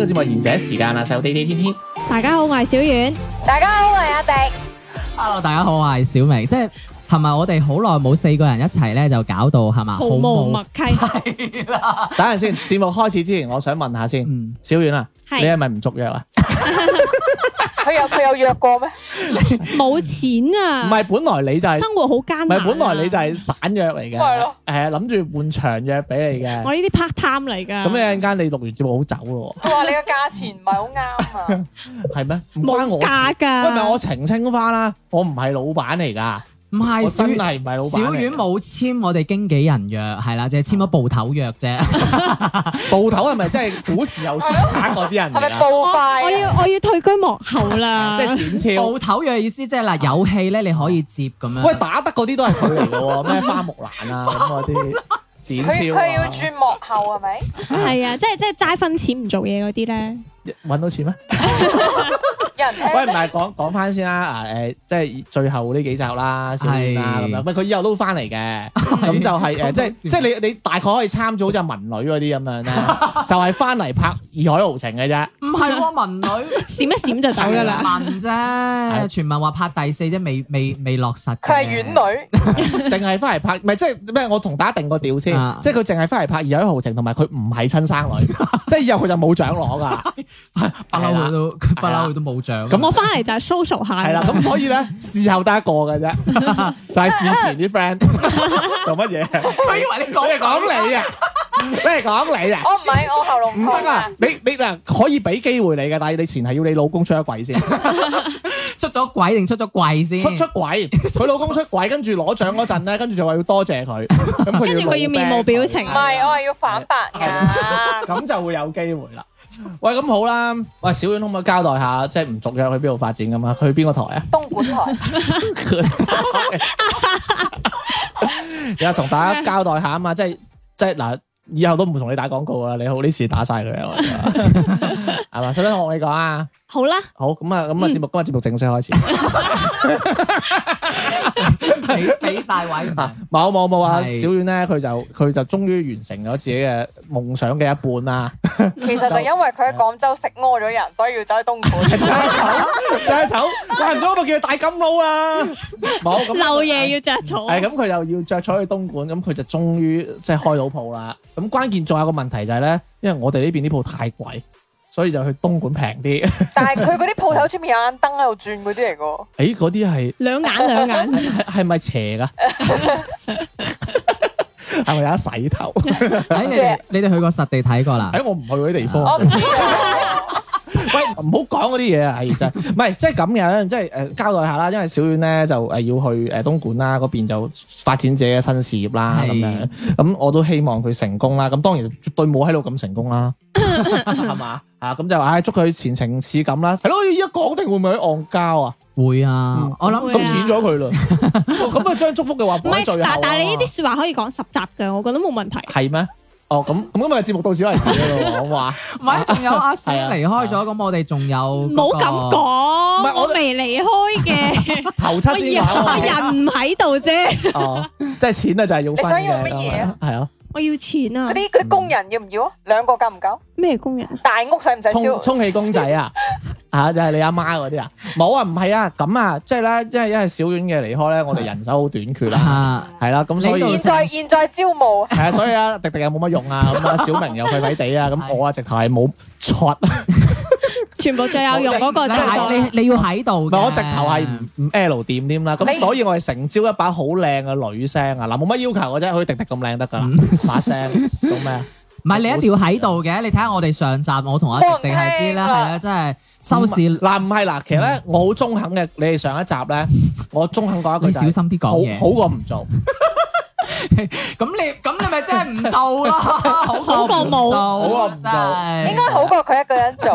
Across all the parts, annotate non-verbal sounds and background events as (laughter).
呢個節目賢者時間啊，細路地地天天。 (music) 大家好，我係小遠。大家好，我係阿迪。Hello，大家好，我係小明。即係係咪我哋好耐冇四個人一齊咧，就搞到係咪毫無默契。係啦，等陣先。節目開始之前，我想問下先，嗯、小遠啊，是你係咪唔熟嘢啊？ (laughs) (laughs) 佢有佢有約過咩？冇 (laughs) 錢啊！唔係，本來你就係、是、生活好艱難唔係、啊，本來你就係散約嚟嘅。係咯。誒、呃，諗住換長約俾你嘅。 (laughs) 我呢啲 part time 嚟㗎。咁一陣間你錄完節目好走咯。佢話你個價錢唔係好啱啊。係咩？唔關我價㗎。唔係，我澄清翻啦，我唔係老闆嚟㗎。唔係小院，唔係老闆嚟嘅。小院冇簽我哋經紀人約，係啦，就係簽咗捕頭約啫。捕 (laughs) 頭係咪真係古時有追打嗰啲人？係咪捕我要我要退居幕後啦。 (laughs) 即係展昭。捕頭約意思即係嗱，有 (laughs) 戲咧你可以接咁樣。喂，打得嗰啲都係佢嚟嘅喎，咩 (laughs) 花木蘭啊咁啊啲展昭佢要轉幕後係咪？係啊， (laughs) 即係即係齋分錢唔做嘢嗰啲咧。揾到錢咩？ (laughs) 喂，唔係講講翻先啦，啊誒，即係最後呢幾集啦，少羣啦咁樣。唔佢以後都翻嚟嘅，咁就係誒，即係即係你你大概可以參照，即係文女嗰啲咁樣啦，就係翻嚟拍《義海豪情》嘅啫。唔係文女閃一閃就走嘅啦，文啫。全啊，傳聞話拍第四啫，未未未落實。佢係遠女，淨係翻嚟拍，唔係即係咩？我同大家定個調先，即係佢淨係翻嚟拍《義海豪情》，同埋佢唔係親生女，即係以後佢就冇獎攞㗎。不嬲佢都，不嬲佢都冇咁我翻嚟就係 social 下係啦，咁所以咧，事後得一個嘅啫，就係事前啲 friend 做乜嘢？佢以為你講嘢講你啊，咩講你啊？我唔係，我喉嚨唔得啊！你你啊可以俾機會你嘅，但係你前係要你老公出咗軌先，出咗軌定出咗軌先？出出軌，佢老公出軌，跟住攞獎嗰陣咧，跟住就話要多謝佢，跟住佢要面無表情，唔係我係要反白嘅，咁就會有機會啦。喂，咁好啦，喂，小婉可唔可以交代下，即係唔續約去邊度發展㗎嘛？去邊個台啊？東莞台，有同 (laughs) (laughs) Okay. (laughs) 大家交代下啊嘛，即係即係嗱、啊，以後都唔同你打廣告啦，你好呢次打晒佢啦，係嘛？想唔同學你講啊？好啦吧，好咁啊，咁啊節目、嗯、今日節目正式開始。 (laughs) 俾晒位冇冇冇啊！小婉咧，佢就佢就終於完成咗自己嘅夢想嘅一半啦。其實就因為佢喺廣州食屙咗人，所以要走去東莞。着草，唔通我叫佢大金佬啊？冇咁漏夜要着草。係咁，佢又要着草去東莞，咁佢就終於即係開到鋪啦。咁關鍵仲有個問題就係咧，因為我哋呢邊啲鋪太貴。.所以就去東莞平啲， (laughs) 但係佢嗰啲鋪頭出面有眼燈喺度轉嗰啲嚟㗎？誒、 (laughs) 嗯，嗰啲係兩眼兩眼，係咪斜噶？係咪有得洗頭？ (laughs) 你哋去過實地睇過啦？哎、欸，我唔去嗰啲地方。 (laughs) (laughs) 喂，唔好講嗰啲嘢啊！係真，唔係即係咁樣，即係誒交代下啦。因為小婉咧就誒要去誒東莞啦，嗰邊就發展自己嘅新事業啦，咁的樣咁我都希望佢成功啦。咁當然絕對冇喺度咁成功啦，係嘛？啊，咁就話唉，祝佢前程似錦啦。係咯，依家講定會唔會啲戇交啊？會啊，我諗收錢咗佢啦。咁啊，將祝福嘅話補最後。但但係你呢啲說話可以講十集嘅，我覺得冇問題。係咩？哦，咁咁今日節目到此為止咯。我話，唔係，仲有阿仙離開咗，咁我哋仲有。冇咁講，我未離開嘅。頭七先，人唔喺度啫。哦，即係錢啊，就係用翻嘅。你想要乜嘢啊？係啊。我要錢啊！嗰啲啲工人要唔要啊？兩個夠唔夠？咩工人？大屋使唔使招？充氣公仔啊？吓就係你阿媽嗰啲啊？冇、就是、啊，唔係啊，咁啊，即係咧，因為因為小婉嘅離開咧， (laughs) 我哋人手好短缺啦、啊，係啦、 (laughs) 啊，咁所以現在是現在招募係啊，所以啊，迪迪又冇乜用啊，咁啊，小明又廢廢地啊，咁我啊直頭係冇出。 (laughs) 全部最有用嗰個就係，你你要喺度。我直頭係唔 L 掂添啦，咁你所以我係成招一把好靚嘅女聲啊！嗱，冇乜要求我真係，可以滴滴咁靚得㗎。把、嗯、聲做咩唔係你一定要喺度嘅，你睇下我哋上集我同阿迪迪係知啦，係啦，真係收視嗱，唔係嗱，其實咧我好中肯嘅，嗯、你哋上一集咧，我中肯講一句、就係，小心啲講好，好過唔做。 (laughs) 咁 (laughs) 你咁你咪真係唔做啦，好過冇，好過唔文做，做，是 centered，應該好過佢一個人做，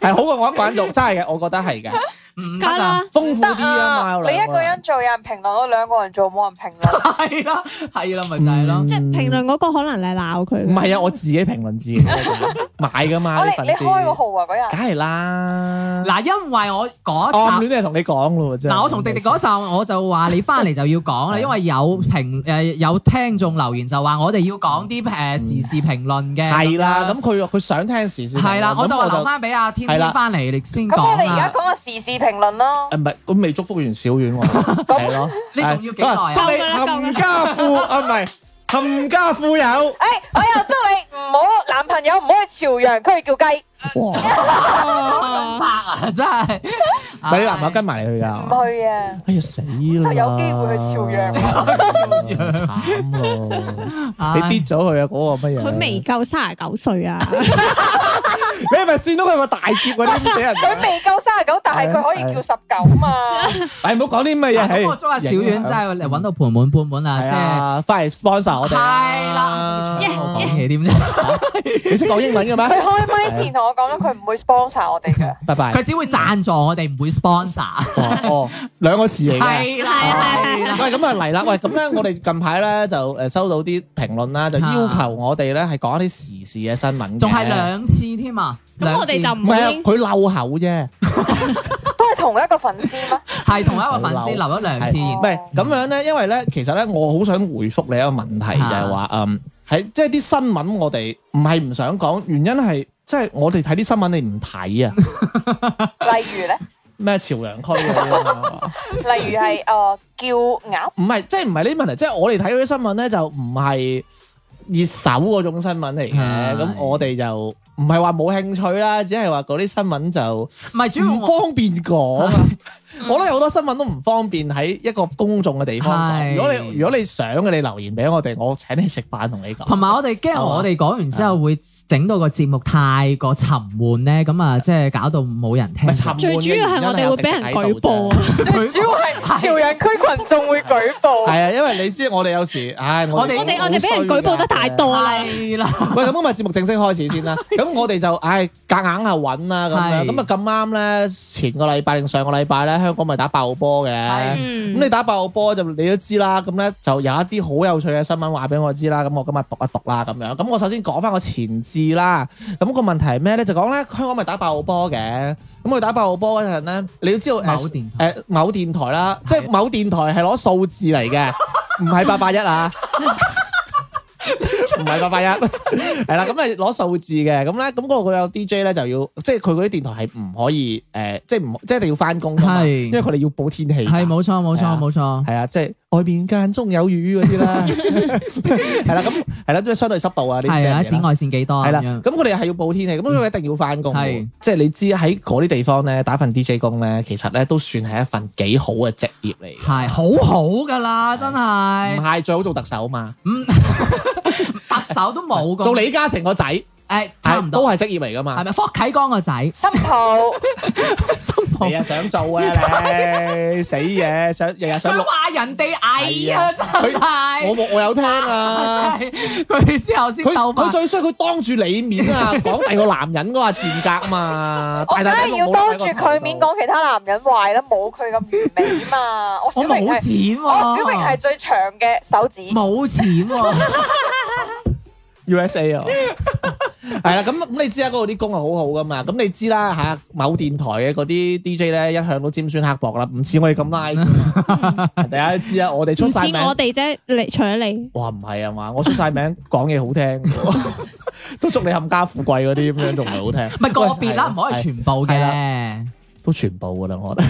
係 (laughs) 好過我一個人做， (laughs) 真係嘅，我覺得係嘅。唔得啊！你一個人做有人評論，我兩個人做冇人評論。係啦，係啦，咪就係咯。即係評論嗰個可能你鬧佢。唔係啊，我自己評論自己，買噶嘛，你開個號啊，嗰日。梗係啦。嗱，因為我嗰集我都係同你講咯，嗱，我同迪迪嗰陣我就話你翻嚟就要講啦，因為有評誒有聽眾留言就話我哋要講啲誒時事評論嘅。係啦。咁佢佢想聽時事。係啦，我就留翻俾阿天天翻嚟你先講啦。咁我哋而家講個時事。評論咯，誒，唔係，噉未祝福完小遠喎，係咯，呢個要幾耐啊？祝你冚家富，啊，唔係冚家富有，誒，我又祝你唔好男朋友唔好去朝陽區叫雞，哇，白啊，真係，咪你男朋友跟埋你去㗎？唔去啊，哎呀死啦，真係有機會去朝陽，慘啊，你跌咗去啊，嗰個乜嘢？佢未夠三十九歲啊。你係咪算到佢個大劫，佢未夠三十九，但係佢可以叫十九嘛？哎，唔好講啲咩嘢，幫我捉下小丸真係搵到盆滿缽滿啊！即係翻嚟 sponsor 我哋。係啦，你識講英文嘅咩？佢開咪前同我講咗，佢唔會 sponsor 我哋嘅。拜拜，佢只會讚助我哋，唔會 sponsor。哦哦，兩個詞嚟嘅。係啦係啦，喂，咁啊嚟啦！喂，咁咧，我哋近排咧就誒收到啲評論啦，就要求我哋咧係講一啲時事嘅新聞，仲係兩次添啊！咁我哋就唔係啊，佢漏口啫，都係同一個粉絲咩？係 (laughs) 同一個粉絲 (laughs) 留咗兩次，唔係咁樣咧。因為咧，其實咧，我好想回復你一個問題，就係、是、話，嗯，喺即係啲新聞，我哋唔係唔想講，原因係即係我哋睇啲新聞，你唔睇啊？ (laughs) 例如咧咩朝陽區、啊？ (laughs) 例如係誒、呃、叫鴨？唔係，即係唔係呢啲問題？即、就、係、是、我哋睇嗰啲新聞咧，就唔係熱搜嗰種新聞嚟嘅，咁 (laughs) (laughs) 我哋就。唔係話冇興趣啦，只係話嗰啲新聞就唔唔方便講。 (laughs) 我覺得好多新聞都唔方便喺一個公眾嘅地方講。如果你如果你想嘅，你留言俾我哋，我請你食飯同你講。同埋我哋驚，我哋講完之後會整到個節目太過沉悶咧，咁啊，即係搞到冇人聽。最主要係我哋會俾人舉報。最主要係朝陽區群眾會舉報。係啊，因為你知我哋有時唉，我哋我哋俾人舉報得太多啦。喂，咁唔係節目正式開始先啦。咁我哋就唉夾硬下揾啦咁樣。咁啊咁啱咧，前個禮拜定上個禮拜咧？香港咪打爆波嘅，咁、嗯嗯、你打爆波就你都知啦。咁咧就有一啲好有趣嘅新聞話俾我知啦。咁我今日讀一讀啦，咁樣。咁我首先講返個前置啦。咁、嗰個問題係咩咧？就講咧，香港咪打爆波嘅。咁佢打爆波嗰陣咧，你都知道誒誒某電台啦，即係、呃、某電台係攞的數字嚟嘅，唔係八八一啊。 (laughs) (laughs) 唔係八八一， (laughs) 係啦，咁係攞數字嘅，咁咧，咁嗰個有 DJ 咧就要，即係佢嗰啲電台係唔可以，誒、呃，即係唔，即係一定要翻工嘅，係是，因為佢哋要報天氣，係，冇錯，冇錯，冇錯，係啊，即係。外面間中有雨嗰啲啦，係 (laughs) (laughs) 啦，咁係啦，即係相對濕度啊，啲紫外線幾多啊，咁咁佢哋係要報天氣，咁佢一定要返工，嗯、即係你知喺嗰啲地方咧，打份 DJ 工咧，其實咧都算係一份幾好嘅職業嚟，係好好噶啦，真係唔係最好做特首嘛，嗯， (laughs) 特首都冇噶，做李嘉誠個仔。誒、哎，差唔多、哎、都係職業嚟㗎嘛？係咪霍啟剛個仔？新抱心肚，新 (laughs) 抱肚，日日想做啊你，死嘢，想日日想、啊。話人哋矮啊，真係我我有聽啊，佢之後先佢最衰，佢當住你面啊，講第二個男人嗰個賤格嘛。我梗係要當住佢面講其他男人壞啦，冇佢咁完美嘛。我冇錢小明係、啊、最長嘅手指。冇錢嘛，U S A 啊！ (laughs) 係啦，咁咁 (music) 你知啊，嗰度啲工係好好噶嘛咁你知啦吓，某電台嘅嗰啲 DJ 咧，一向都尖酸刻薄啦，唔似我哋咁 nice。大家都知啊，我哋出晒名，我哋啫，你除你，哇唔係啊嘛，我出晒名，講嘢好， (laughs) (laughs) 好聽，都祝你冚家富貴嗰啲咁樣仲唔係好聽？唔係個別啦，唔喂可以全部嘅，都全部噶啦，我覺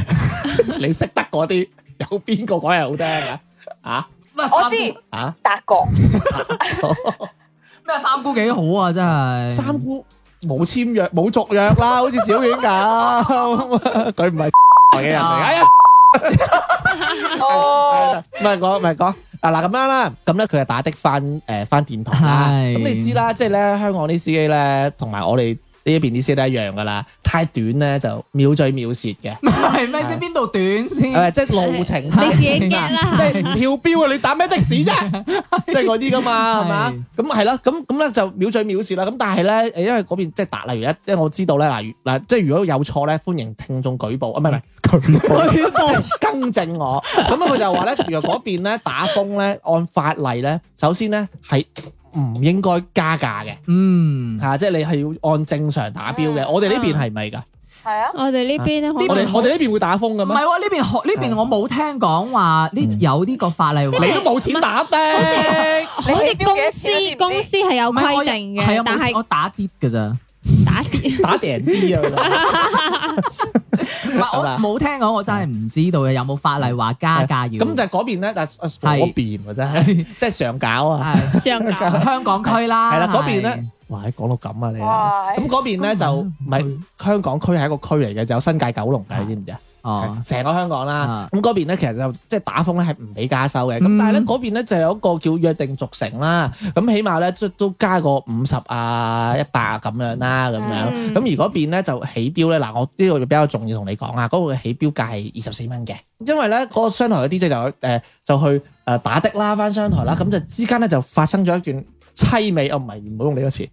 得 (laughs) 你識得嗰啲有邊個講嘢好聽嘅啊？我知 (laughs) 啊，達、啊、哥。啊啊啊啊 (laughs) 咩三姑幾好啊？真係三姑冇簽約冇續約啦，好似小丸咁，佢唔係外嘅人嚟。哦，唔係講唔係講嗱，咁、 (music) (music) 啊、樣啦，咁咧佢就打的翻誒翻電台啦。咁、呃是啊、你知啦，即係咧香港啲司機咧，同埋我哋。呢一邊啲先都一樣噶啦，太短咧就秒嘴秒舌嘅。唔係唔係先邊度短先？係即係路程？你眼睛啦，即唔跳標啊！你打咩的士啫？即係嗰啲噶嘛，係咪啊？咁係咯，咁咁咧就秒嘴秒舌啦。咁但係咧，因為嗰邊即係達，例如一，因為我知道咧，嗱嗱，即係如果有錯咧，歡迎聽眾舉報啊！唔係唔係舉報更正我。咁啊佢就話咧，如果嗰邊咧打風咧，按法例咧，首先咧係。唔應該加價嘅，嗯，嚇，即係你係要按正常打錶嘅。我哋呢邊係唔係㗎？係啊，我哋呢邊我哋我哋呢邊會打風㗎嘛？唔係呢邊呢邊我冇聽講話呢有呢個法例，你都冇錢打的。我哋公司公司係有規定嘅，但係我打啲㗎咋。打碟打訂碟啊！唔係，我冇聽講，我真係唔知道嘅有冇法例話加價要咁就嗰邊咧，但係嗰邊真係即係常搞啊！香港區啦，係啦嗰邊咧，哇！講到咁啊你，咁嗰邊咧就唔係香港區，係一個區嚟嘅，有新界九龍嘅，你知唔知啊？哦，成個香港啦，咁嗰、哦、邊咧其實就即係打風咧係唔俾加收嘅，咁、嗯、但係咧嗰邊咧就有一個叫約定俗成啦，咁起碼咧都都加個五十啊、一百啊咁樣啦，咁樣，咁、嗯、而嗰邊咧就起標咧，嗱、嗯、我呢個就比較重要同你講啊，嗰、嗰個起標價係二十四蚊嘅，因為咧嗰個商台啲即就誒就去誒打的啦，翻商台啦，咁就、嗯、之間咧就發生咗一段凄美，我唔係唔好用呢個詞。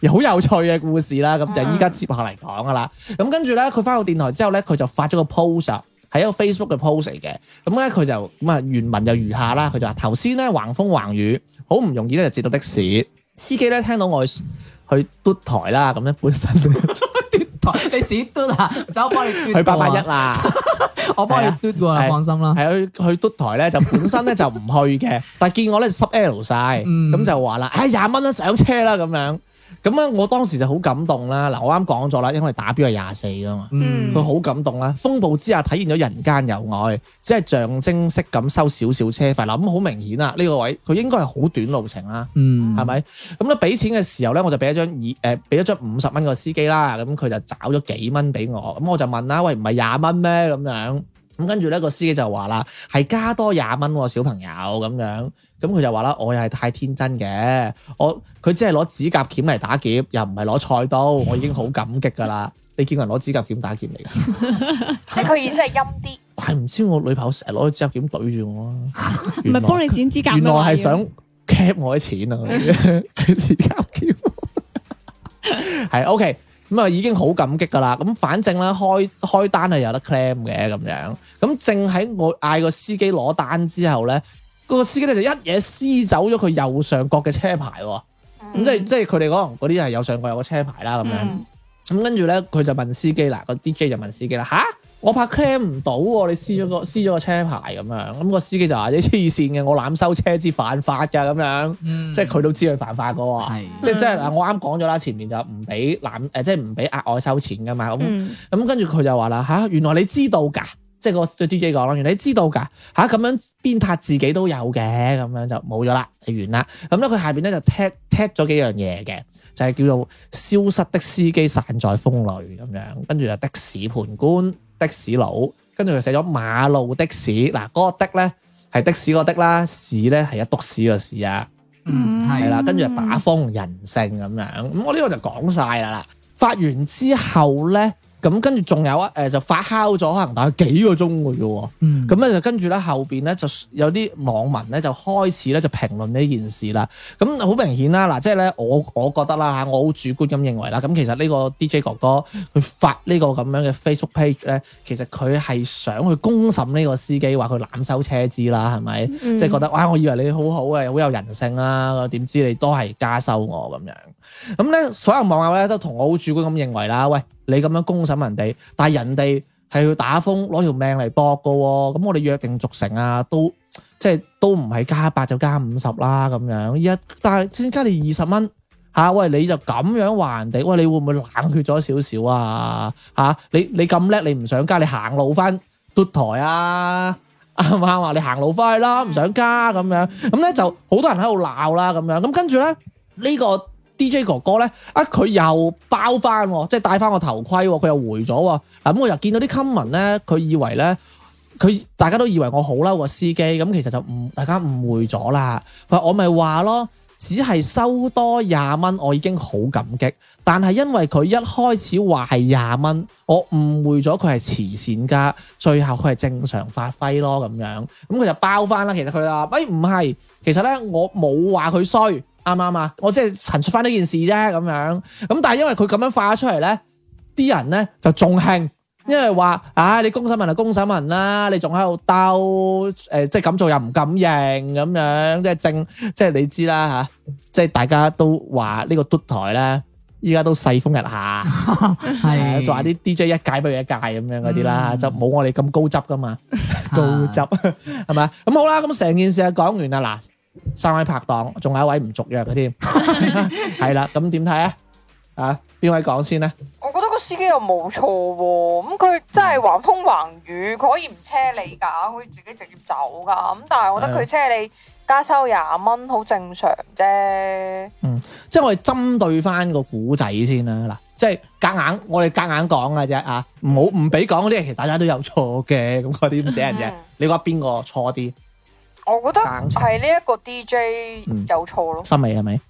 係好有趣嘅故事啦，咁就依家接下嚟講噶啦。咁、嗯、跟住咧，佢翻到電台之後咧，佢就發咗個 post，係一個 Facebook 嘅 post 嚟嘅。咁咧佢就咁啊，原文就如下啦。佢就話頭先咧橫風橫雨，好唔容易咧就截到的士，司機咧聽到我去嘟台啦。咁咧本身嘟 (laughs) (laughs) 台，你自己嘟啊，走、啊， (laughs) (laughs) 我幫你去八八一啦，我幫你嘟過啦，放心啦。係去去嘟台咧，就本身咧就唔去嘅， (laughs) 但見我咧濕晒，咁就話啦，唉廿蚊都上車啦咁樣。咁咧，我當時就好感動啦！嗱，我啱講咗啦，因為打錶係廿四㗎嘛，佢好、嗯、感動啦。風暴之下，體現咗人間有愛，只係象徵式咁收少少車費。嗱，咁好明顯啊，呢、呢個位佢應該係好短路程啦，係咪、嗯？咁咧，俾錢嘅時候咧，我就俾咗張二誒，俾一張五十蚊個司機啦。咁佢就找咗幾蚊俾我，咁我就問啦，喂，唔係廿蚊咩？咁樣。咁跟住咧，個司機就話啦，係加多廿蚊、啊，小朋友咁樣。咁佢就話啦，我又係太天真嘅。我佢只係攞指甲鉗嚟打劫，又唔係攞菜刀。我已經好感激噶啦。你見過人攞指甲鉗打劫嚟，即係佢意思係陰啲。係唔知我女朋友成日攞指甲鉗懟住我啊？唔係幫你剪指甲，原來係想 cap 我啲錢啊？指甲鉗係 (laughs) OK。咁啊，已經好感激㗎啦！咁反正咧，開開單係有得 claim 嘅咁樣。咁正喺我嗌個司機攞單之後咧，個司機咧就一嘢撕走咗佢右上角嘅車牌喎。咁、嗯、即係即係佢哋講嗰啲係右上角有個車牌啦咁樣。咁跟住咧，佢就問司機啦，個 DJ 就問司機啦嚇。我怕 claim 唔到喎，你撕咗個撕咗個車牌咁樣，咁個司機就話：你黐線嘅，我攬收車資犯法㗎咁樣，即係佢都知佢犯法個喎，即係即係嗱，我啱講咗啦，前面就唔俾攬誒，即係唔俾額外收錢㗎嘛，咁咁跟住佢就話啦吓，原來你知道㗎，即係個對 DJ 講啦，原來你知道㗎吓，咁樣鞭撻自己都有嘅，咁樣就冇咗啦，完啦。咁咧佢下邊咧就踢踢咗幾樣嘢嘅，就係叫做消失的司機散在風裏咁樣，跟住就的士判官。的士佬，跟住又寫咗馬路、的士，嗱嗰、嗰個的咧係的士個的啦，士咧係一督屎個屎啊，嗯，係啦的，跟住就打風人性咁樣。咁、嗯、我呢個就講晒啦啦，發完之後咧。咁跟住仲有啊，誒、呃、就發酵咗，可能大概幾個鐘嘅啫喎。咁咧就跟住咧後邊咧就有啲網民咧就開始咧就評論呢件事啦。咁好明顯啦，嗱即係咧我我覺得啦嚇，我好主觀咁認為啦。咁其實呢個 DJ 哥哥佢發這個這呢個咁樣嘅 Facebook page 咧，其實佢係想去公審呢個司機，話佢濫收車資啦，係咪？嗯、即係覺得哇，我以為你好好呀，好有人性啦，點知你都係加收我咁樣。咁咧，所有網友咧都同我好主觀咁認為啦。喂，你咁樣公審人哋，但係人哋係要打風攞條命嚟搏嘅喎、哦。咁我哋約定俗成啊，都即係都唔係加八就加五十啦咁樣。而家但係先加你二十蚊嚇，喂你就咁樣話人哋，喂你會唔會冷血咗少少啊？嚇你你咁叻，你唔想加，你行路翻奪台啊？阿媽話你行路翻去啦，唔想加咁樣。咁咧就好多人喺度鬧啦咁樣。咁跟住咧呢、呢個。呢個 D.J. 哥哥咧，啊佢又包翻，即係戴翻個頭盔，佢又回咗。咁、啊、我又見到啲 comment 咧，佢以為咧，佢大家都以為我好嬲個司機，咁、嗯、其實就誤大家誤會咗啦。我咪話咯，嗯、只係收多廿蚊，我已經好感激。但係因為佢一開始話係廿蚊，我誤會咗佢係慈善家，最後佢係正常發揮咯咁樣。咁、嗯、佢就包翻啦。其實佢話：喂，唔係，其實咧我冇話佢衰。啱啱啊！我即係陳述翻呢件事啫，咁樣咁，但係因為佢咁樣化出嚟咧，啲人咧就仲興，因為話啊，你公審文就公審文啦，你仲喺度兜，誒、呃，即係咁做又唔敢認咁樣，即係正，即係你知啦吓，即係大家都話呢個嘟台咧，依家都世風日下，係仲話啲 DJ 一屆不如一屆咁樣嗰啲啦，嗯、就冇我哋咁高質噶嘛，高質係咪啊？咁 (laughs) (laughs) (laughs) 好啦，咁成件事啊講完啦嗱。三位拍檔，仲有一位唔續約嘅添，係啦， (laughs) (laughs) 咁點睇啊？啊，邊位講先咧？我覺得個司機又冇錯、啊，咁、嗯、佢真係橫風橫雨，佢可以唔車你噶，可以自己直接走噶，咁但係我覺得佢車你加收廿蚊，好正常啫。嗯，即係我哋針對翻個古仔先啦，嗱，即係夾硬，我哋夾硬講嘅啫，啊，唔好唔俾講嗰啲，其實大家都有錯嘅，咁啲 (laughs) 點寫人啫，你覺得邊個錯啲？我覺得係呢一個 D J、嗯、有錯咯，心理係咪？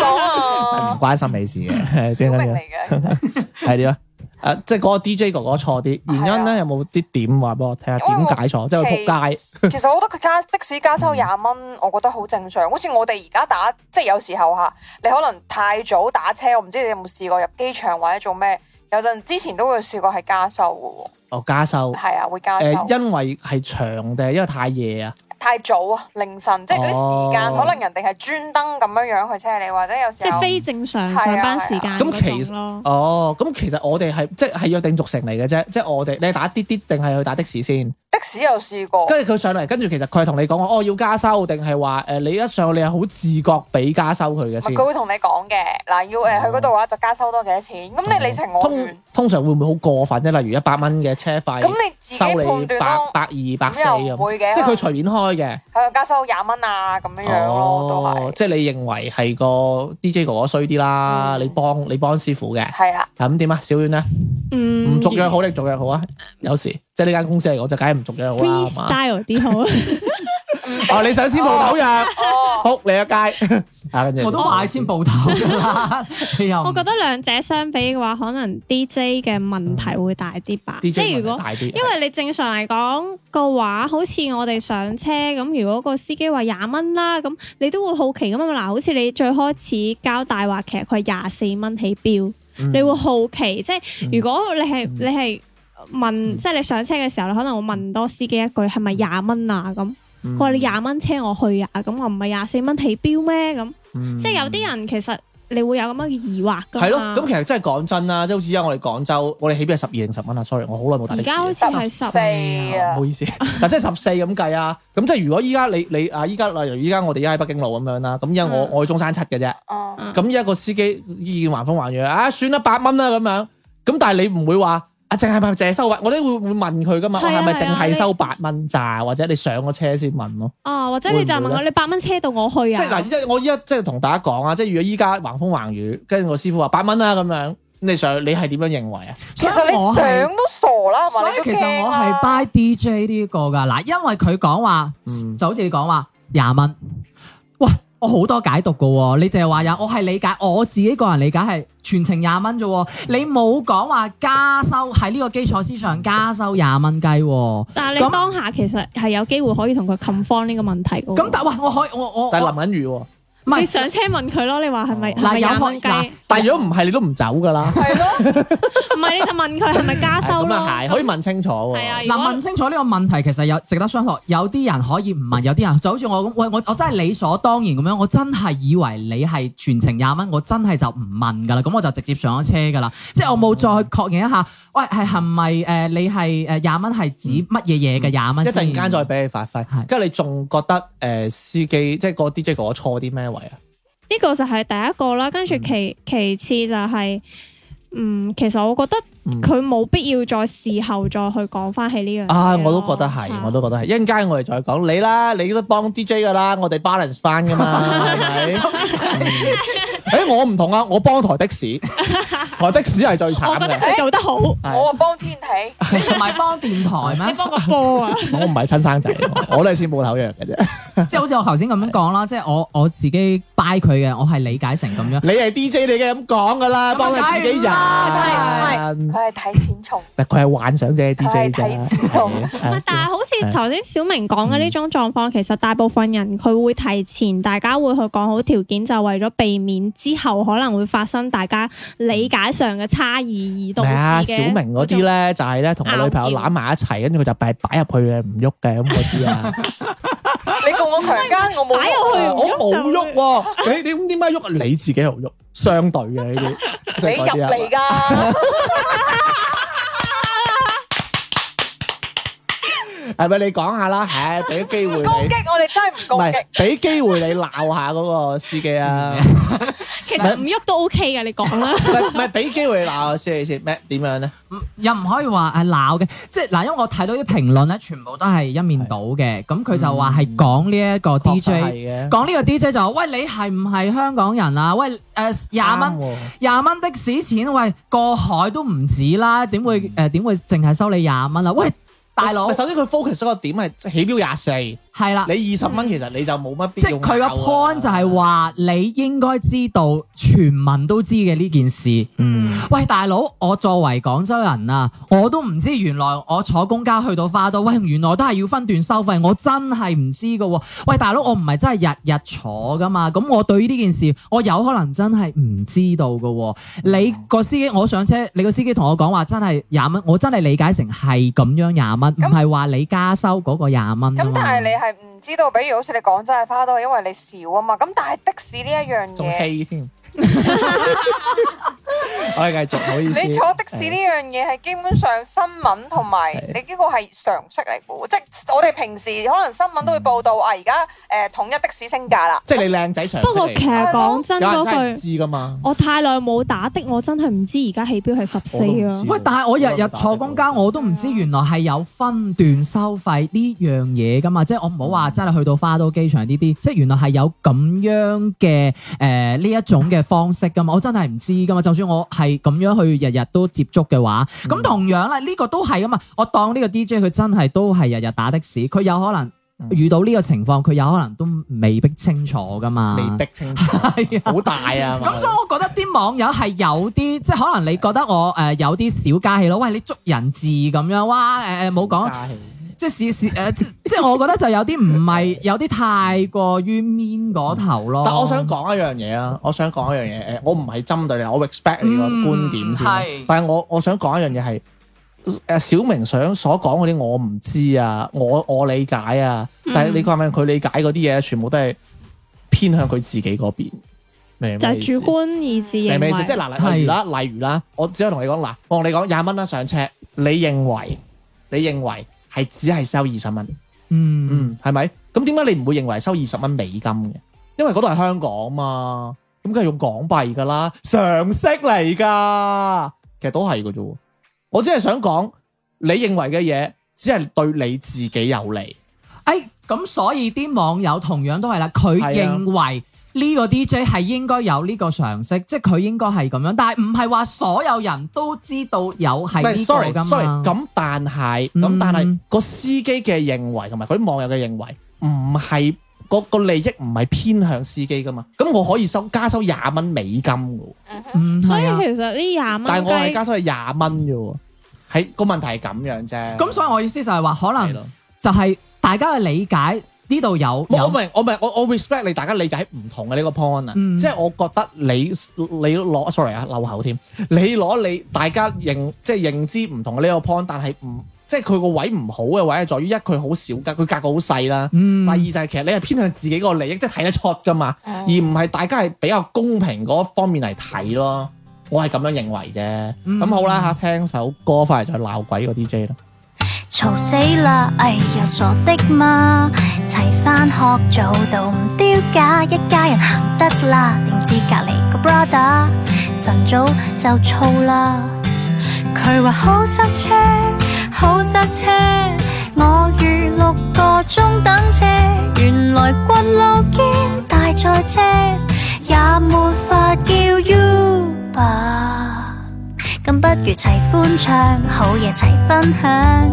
啊，唔關心理事嘅， (laughs) 小明嚟嘅係點咧？誒 (laughs) (laughs) ，uh, 即係嗰個 D J 哥哥錯啲，原因咧有冇啲點話俾我睇下點解錯？即係佢扑街。其實我覺得佢加的士加收廿蚊，我覺得好正常。好似、嗯、我哋而家打，即係有時候吓，你可能太早打車，我唔知你有冇試過入機場或者做咩？有陣之前都會試過係加收嘅。哦，加收，係啊，會加收。誒、呃，因為係長定係因為太夜啊？太早啊！凌晨即係嗰啲時間，可能人哋係專登咁樣樣去車你，或者有時即係非正常上班時間。咁其實哦，咁其實我哋係即係約定俗成嚟嘅啫，即係我哋你打啲啲定係去打的士先？的士有試過。跟住佢上嚟，跟住其實佢係同你講，哦要加收，定係話誒你一上你係好自覺俾加收佢嘅。佢會同你講嘅嗱，要誒去嗰度嘅話就加收多幾多錢，咁你你情我願通常會唔會好過分啫？例如一百蚊嘅車費，收你百百二百四嘅。即係佢隨便開。嘅，可能加收廿蚊啊，咁樣樣咯，哦、是即係你認為係個 DJ 哥哥衰啲啦，嗯、你幫你幫師傅嘅。係啦的。咁點啊，小婉咧？唔續約好定續約好啊？有時即係呢間公司嚟，我就梗係唔續約好啦。style 啲好。哦，你想先報頭入，仆你個街， (laughs) 我都買先報頭。我覺得兩者相比嘅話，可能 D J 嘅問題會大啲吧。即係、嗯、如果、嗯、因為你正常嚟講嘅話，好似我哋上車咁，如果個司機話廿蚊啦，咁你都會好奇咁啊。嗱，好似你最開始交大話，其實佢係廿四蚊起標，嗯、你會好奇。即、就、係、是、如果你係、嗯、你係問，即係、嗯、你上車嘅時候，你可能會問多司機一句係咪廿蚊啊？咁。我話、嗯、你廿蚊車我去呀、啊，咁我唔係廿四蚊起標咩？咁、嗯、即係有啲人其實你會有咁樣嘅疑惑噶。係咯，咁其實真係講真啦，即係好似而家我哋廣州，我哋起標係十二定十蚊啊。Sorry，我好耐冇睇。而家好似係十四啊，唔、哦、好意思。嗱， (laughs) 即係十四咁計啊。咁即係如果依家你你啊，依家例如依家我哋而家喺北京路咁樣啦，咁因為我去、嗯、中山七嘅啫。哦、嗯。咁依家個司機依見橫風橫雨，啊，算啦八蚊啦咁樣。咁但係你唔會話。啊，淨係咪淨係收？我我哋會會問佢噶嘛，我係咪淨係收八蚊咋？或者你上個車先問咯、啊？啊，或者你就問我會會你八蚊車到我去啊？即嗱，我即我依家即同大家講啊，即如果依家橫風橫雨，跟住我師傅話八蚊啦咁樣，你上你係點樣認為啊？其實，其實你想都傻啦，所以其實我係 buy DJ 呢個噶嗱，因為佢講話、嗯、就好似你講話廿蚊。我好多解讀噶喎，你淨係話有，我係理解我自己個人理解係全程廿蚊啫，你冇講話加收喺呢個基礎之上加收廿蚊雞。但係你當下其實係有機會可以同佢 confirm 呢個問題嘅喎。咁但係我可以我我。我但係淋緊雨喎。咪上車問佢咯，你話係咪嗱有廿蚊？啊、但如果唔係，你都唔走噶啦。係 (laughs) (laughs) 咯，唔係你就問佢係咪加收咯。咁係，可以問清楚。係啊，嗱、啊、問清楚呢個問題，其實有值得商榷。有啲人可以唔問，有啲人就好似我咁。喂，我我真係理所當然咁樣，我真係以為你係全程廿蚊，我真係就唔問噶啦。咁我就直接上咗車噶啦，即係我冇再確認一下。嗯、喂，係係咪誒你係誒廿蚊係指乜嘢嘢嘅廿蚊？一陣間再俾你發揮，跟住是你仲覺得誒、呃、司機即係嗰啲即係我錯啲咩？呢個就係第一個啦，跟住其、嗯、其次就係、是，嗯，其實我覺得佢冇必要再事後再去講翻起呢樣。啊，我都覺得係，我都覺得係。一陣間我哋再講你啦，你都幫 DJ 噶啦，我哋 balance 翻噶嘛，係咪？ (laughs) (laughs) (laughs) 誒我唔同啊！我幫台的士，台的士係最慘嘅。你做得好，我幫天氣同埋幫電台咩？你幫個波啊！我唔係親生仔，我都係先冇頭樣嘅啫。即係好似我頭先咁樣講啦，即係我我自己掰佢嘅，我係理解成咁樣。你係 DJ 你嘅咁講噶啦，幫你自己人，佢係睇錢重，佢係幻想啫。DJ 就但係好似頭先小明講嘅呢種狀況，其實大部分人佢會提前，大家會去講好條件，就為咗避免。之後可能會發生大家理解上嘅差異，而到唔係啊，小明嗰啲咧就係咧同佢女朋友攬埋一齊，跟住佢就擺擺入去嘅，唔喐嘅咁嗰啲啊。 (laughs) 你共我強姦，是我冇擺入去，啊、動我冇喐、啊。 (laughs) 你你咁點解喐啊？你自己又喐，相對嘅呢啲，你入嚟噶。 (laughs) (laughs) 係咪？你講下啦，吓俾，機會你攻擊我哋真係唔攻擊，俾機會你鬧下嗰個司機啊。其實唔喐都 OK 嘅，你講啦。唔係俾機會你鬧啊，先先咩？點樣咧？又唔可以話係鬧嘅，即係嗱，因為我睇到啲評論咧，全部都係一面倒嘅。咁佢就話係講呢一個 DJ，講呢個 DJ 就話：喂，你係唔係香港人啊？喂，誒，廿蚊廿蚊的士錢，喂，過海都唔止啦，點會誒？點會淨係收你廿蚊啊？喂！大佬，首先佢 focus 嗰個點係起標廿四。係啦，你二十蚊其實你就冇乜必要。即係佢個 point 就係話，你應該知道全民都知嘅呢件事。嗯，喂，大佬，我作為廣州人啊，我都唔知原來我坐公交去到花都，喂，原來都係要分段收費，我真係唔知噶喎。喂，大佬，我唔係真係日日坐噶嘛，咁我對於呢件事，我有可能真係唔知道噶喎。嗯，你個司機我上車，你個司機同我講話真係廿蚊，我真係理解成係咁樣廿蚊，唔係話你加收嗰個廿蚊。咁但係你。係唔知道，比如好似你講真係花都係因為你少啊嘛。咁但係的士呢一樣嘢。我哋繼續，好意思。你坐的士呢樣嘢係基本上新聞同埋，你呢個係常識嚟嘅，即係我哋平時可能新聞都會報道啊，而家誒統一的士升價啦。即係你靚仔常識嚟。不過其實講真嗰句，有人知噶嘛。我太耐冇打的，我真係唔知而家起標係十四啊。喂，但係我日日坐公交，我都唔知原來係有分段收費呢樣嘢噶嘛。即係我唔好話真係去到花都機場呢啲，即係原來係有咁樣嘅誒呢一種嘅。方式噶嘛，我真係唔知噶嘛。就算我係咁樣去日日都接觸嘅話，咁、嗯、同樣咧，呢、這個都係啊嘛。我當呢個 DJ 佢真係都係日日打的士，佢有可能遇到呢個情況，佢有可能都未必清楚噶嘛。未必清楚，好、 (laughs) 啊、大啊。咁 (laughs) 所以我覺得啲網友係有啲，即係可能你覺得我誒有啲小家氣咯。 (laughs) 喂，你捉人字咁樣哇？誒、呃、誒，冇、呃、講。即係是是誒，呃、 (laughs) 即係我覺得就有啲唔係有啲太過於 mean 嗰頭咯、嗯。但我想講一樣嘢啊，我想講一樣嘢誒，我唔係針對你，我 respect 你個觀點先、嗯。但係我我想講一樣嘢係誒，小明想所講嗰啲我唔知啊，我我理解啊，嗯、但係你話唔係佢理解嗰啲嘢，全部都係偏向佢自己嗰邊，明就係主觀意志，明唔明？即係嗱，例如啦，例如啦是，我只可同你講嗱，我同你講廿蚊啦，上車，你認為你認為。係只係收二十蚊，嗯嗯，係咪？咁點解你唔會認為收二十蚊美金嘅？因為嗰度係香港嘛，咁梗係用港幣噶啦，常識嚟噶，其實都係噶啫。我只係想講，你認為嘅嘢，只係對你自己有利。誒、哎，咁所以啲網友同樣都係啦，佢認為、啊。呢個 DJ 係應該有呢個常識，即係佢應該係咁樣，但係唔係話所有人都知道有係呢個噶嘛？咁但係，咁、嗯、但係個司機嘅認為同埋嗰啲網友嘅認為，唔係、個利益唔係偏向司機噶嘛？咁我可以收加收廿蚊美金嘅喎，嗯啊、所以其實呢廿蚊，但係我係加收係廿蚊嘅喎，喺個、嗯、問題係咁樣啫。咁所以我意思就係話，可能就係大家去理解。呢度有我，我明，我明，我我 respect 你，大家理解唔同嘅呢個 point 啊，嗯、即係我覺得你你攞，sorry 啊，漏口添，你攞你大家認，即係認知唔同嘅呢個 point，但係唔，即係佢個位唔好嘅位，係在於一佢好少格、格，佢格局好細啦，第二就係其實你係偏向自己個利益，即係睇得出噶嘛，而唔係大家係比較公平嗰方面嚟睇咯，我係咁樣認為啫，咁、嗯、好啦吓，聽首歌翻嚟就鬧鬼個 DJ 咯。嘈死啦！哎呀，傻的嘛，齊翻學做到唔丟架，一家人行得啦。點知隔籬個 brother，晨早就嘈啦。佢話好塞車，好塞車，我預六個鐘等車。原來骨碌兼大塞車，也沒法叫 Uber，咁不如齊歡唱，好嘢齊分享。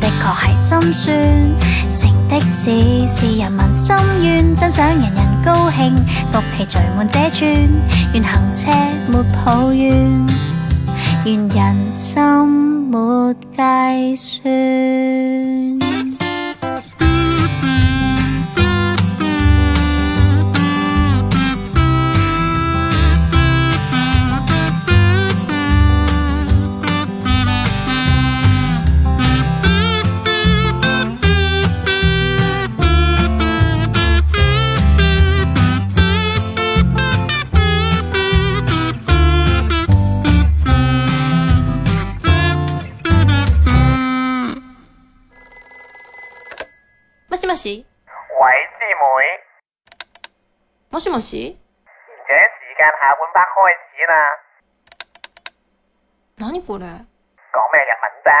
確係心酸，乘的士是人民心願，真想人人高興，福氣聚滿這串，願行車沒抱怨，願人心沒計算。妹，冇事冇事。賢者時間下半 part 開始啦。咩嚟麼？講咩日文咋？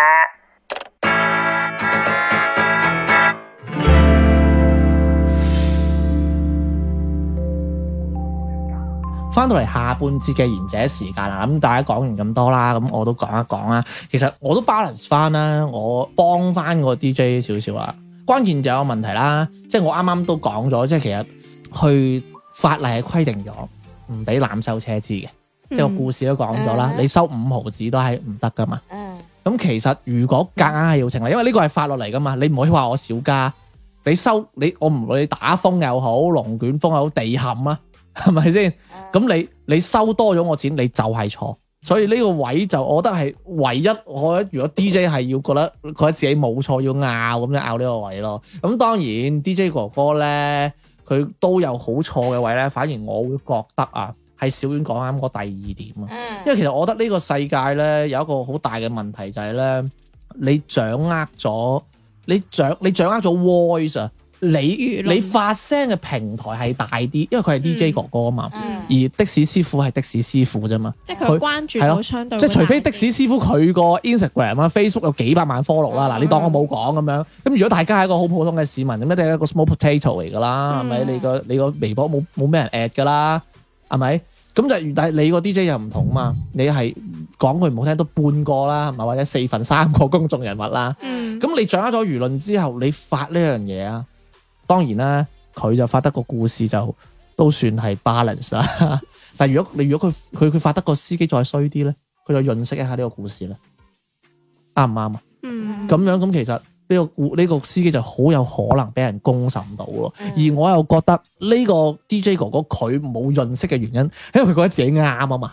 翻到嚟下半節嘅賢者時間啊！咁大家講完咁多啦，咁我都講一講啦。其實我都 balance 翻啦，我幫翻個 DJ 少少啊。關鍵就有問題啦，即係我啱啱都講咗，即係其實去法例係規定咗唔俾濫收車資嘅，即係個故事都講咗啦，你收五毫子都係唔得噶嘛。咁其實如果夾硬係要成立，因為呢個係法律嚟噶嘛，你唔可以話我少加，你收你我唔會你打風又好，龍捲風又好地陷啊，係咪先？咁你你收多咗我錢，你就係錯。所以呢個位就我覺得係唯一，我覺得如果 DJ 係要覺得覺得自己冇錯要拗，咁樣拗呢個位咯。咁當然 DJ 哥哥咧，佢都有好錯嘅位咧。反而我會覺得啊，係小婉講啱嗰第二點啊。因為其實我覺得呢個世界咧，有一個好大嘅問題就係、是、咧，你掌握咗你掌你掌握咗 voice 啊。你你發聲嘅平台係大啲，因為佢係 DJ 哥哥啊嘛，嗯嗯、而的士師傅係的士師傅啫嘛，即係佢關注到相對，即係除非的士師傅佢個 Instagram 啊 Facebook 有幾百萬 follow 啦，嗱、嗯、你當我冇講咁樣，咁如果大家係一個好普通嘅市民，咁一定係一個 small potato 嚟㗎啦，係咪、嗯？你個你個微博冇冇咩人 at 㗎啦，係咪？咁就但係你個 DJ 又唔同啊嘛，你係、嗯、講佢唔好聽都半個啦，係咪？或者四份三個公眾人物啦，咁、嗯、你掌握咗輿論之後，你發呢樣嘢啊？當然啦，佢 (laughs) 就發得個故事就都算係 balance 啦。但係如果你如果佢佢佢發得個司機再衰啲咧，佢就潤色一下呢個故事咧，啱唔啱啊？嗯，咁樣咁其實呢個呢個司機就好有可能俾人公審到咯。嗯、而我又覺得呢、這個 DJ 哥哥佢冇潤色嘅原因，因為佢覺得自己啱啊嘛，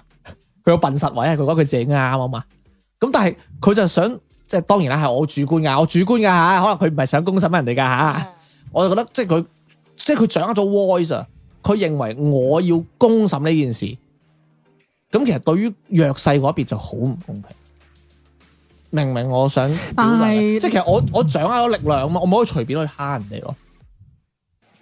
佢有笨實位，係佢覺得佢自己啱啊嘛。咁但係佢就想，即係當然啦，係我主觀噶，我主觀噶吓。可能佢唔係想公審人哋噶吓。嗯我就覺得即係佢，即係佢掌握咗 voice 啊。佢認為我要公審呢件事，咁其實對於弱勢嗰一邊就好唔公平。明唔明，明？我想是，即係其實我我掌握咗力量啊嘛，我唔可以隨便去蝦人哋咯。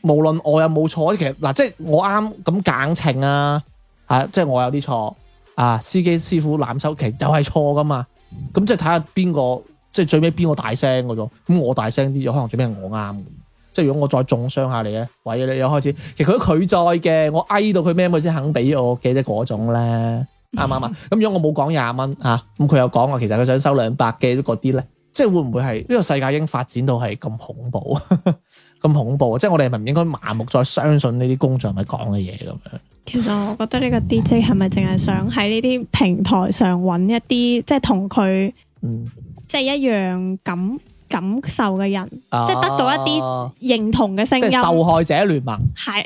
無論我有冇錯，其實嗱，即係我啱咁簡情啊，吓、啊，即係我有啲錯啊。司機師傅濫收其實就係錯噶嘛。咁即係睇下邊個，即係最尾邊個大聲嗰種，咁我大聲啲，就可能最尾係我啱。即係如果我再中傷下你或者你又開始，其實佢拒再嘅，我哀到佢咩佢先肯俾我嘅啫嗰種咧，啱唔啱啊？咁如果我冇講廿蚊啊，咁佢又講話其實佢想收兩百嘅嗰啲咧，即係會唔會係呢個世界已經發展到係咁恐怖，咁 (laughs) 恐怖？即係我哋係咪唔應該盲目再相信呢啲工作係咪講嘅嘢咁樣？其實我覺得呢個 DJ 係咪淨係想喺呢啲平台上揾一啲即係同佢，嗯，即係，嗯、一樣咁。感受嘅人，即係得到一啲認同嘅聲音，啊、受害者聯盟係